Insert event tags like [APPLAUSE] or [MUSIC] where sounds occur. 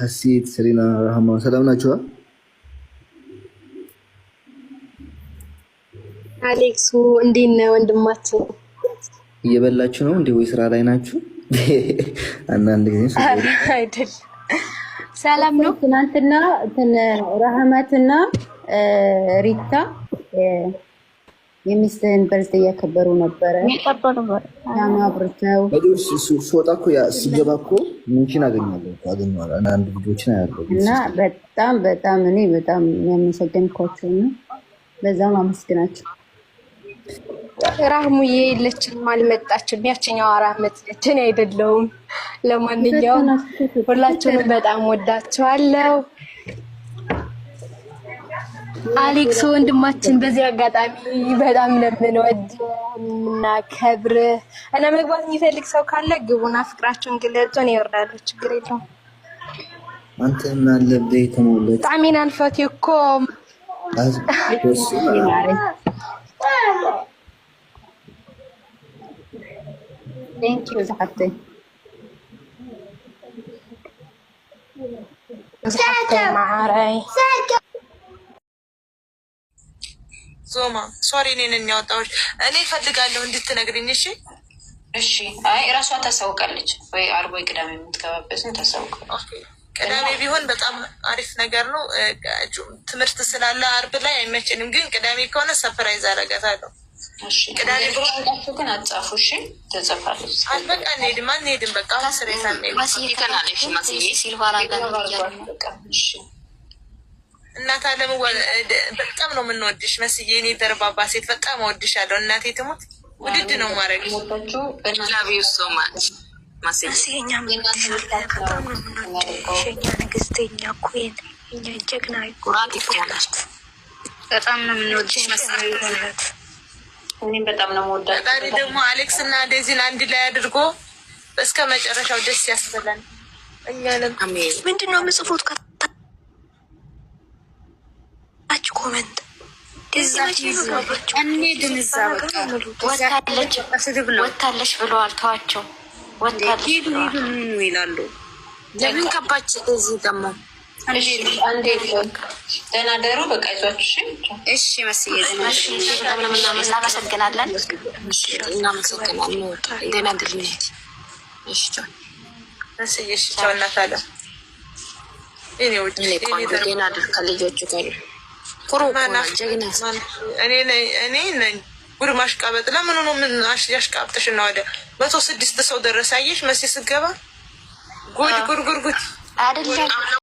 ሀሴት፣ ሰሌና፣ ረሃማ ሰላም ናቸዋ። አሌክሱ እንዴት ነህ ወንድማችን? እየበላችሁ ነው እንዴ ወይ ስራ ላይ ናችሁ? [LAUGHS] አንዳንድ ጊዜ [LAUGHS] አይደል። ሰላም ነው። ትናንትና ረሃማትና ሪታ የሚስትህን በርዝዴ እያከበሩ ነበረ። አብርተው ስወጣ እኮ ስገባ እኮ ሚኪን አገኛለሁ አገኘዋለሁ አንድ ልጆችን አያለሁ እና በጣም በጣም እኔ በጣም ያመሰገንኳቸው ነው። በዛም አመስግናቸው። ራህሙዬ የለችም አልመጣችም። ያችኛው አራመት እኔ አይደለውም። ለማንኛውም ሁላችሁንም በጣም ወዳችኋለሁ። አሌክስ ወንድማችን በዚህ አጋጣሚ በጣም ለምንወድ እና ከብር እና መግባት የሚፈልግ ሰው ካለ ግቡና ፍቅራቸውን እኔ ይወርዳሉ፣ ችግር የለውም። አንተ እና አለብህ? ተሞለች ጣሜን አልፈት እኮ ዛሐተይ ማዕረይ ዞማ ሶሪ፣ እኔን የሚያወጣዎች እኔ እፈልጋለሁ እንድትነግርኝ። እሺ፣ እሺ። አይ እራሷ ታሳውቃለች ወይ አርቦ ቅዳሜ የምትገባበትን ታሳውቅ። ቅዳሜ ቢሆን በጣም አሪፍ ነገር ነው። ትምህርት ስላለ አርብ ላይ አይመችንም፣ ግን ቅዳሜ ከሆነ ሰፕራይዝ አረገታለሁ። ቅዳሜ ግን አትጻፉ። እሺ፣ ተጽፋለች። በቃ እንሄድም አንሄድም፣ በቃ ስሬታ ሄድ በእናት ዓለም በጣም ነው የምንወድሽ መስዬ። እኔ ደርባባ ሴት በጣም እወድሻለሁ። እናቴ ትሙት ውድድ ነው ማድረግ ማስየኛ ንግስተኛ ፈጣሪ ደግሞ አሌክስ እና ዴዚን አንድ ላይ አድርጎ እስከ መጨረሻው ደስ ያስበላል። እኛንም ምንድን ነው የምጽፉት ኮመንት እንሂድን እዛ በቃ ወታለች ብለዋል። ተዋቸው ይላሉ። ለምን ከባች እዚህ ደግሞ ደህና ደሩ። በቃ ይዟችሁ እሺ። መስዬ እናመሰግናለን። ደህና ደር ደህና ከልጆቹ ጋር ጥሩ እኔ ነኝ። ጉድ ማሽቃበጥ ለምን ሆኖ ምን ያሽቃብጥሽ? መቶ ስድስት ሰው ደረሳየሽ መቼ ስገባ ጉድ ጉድ ጉድ ጉድ አይደለም።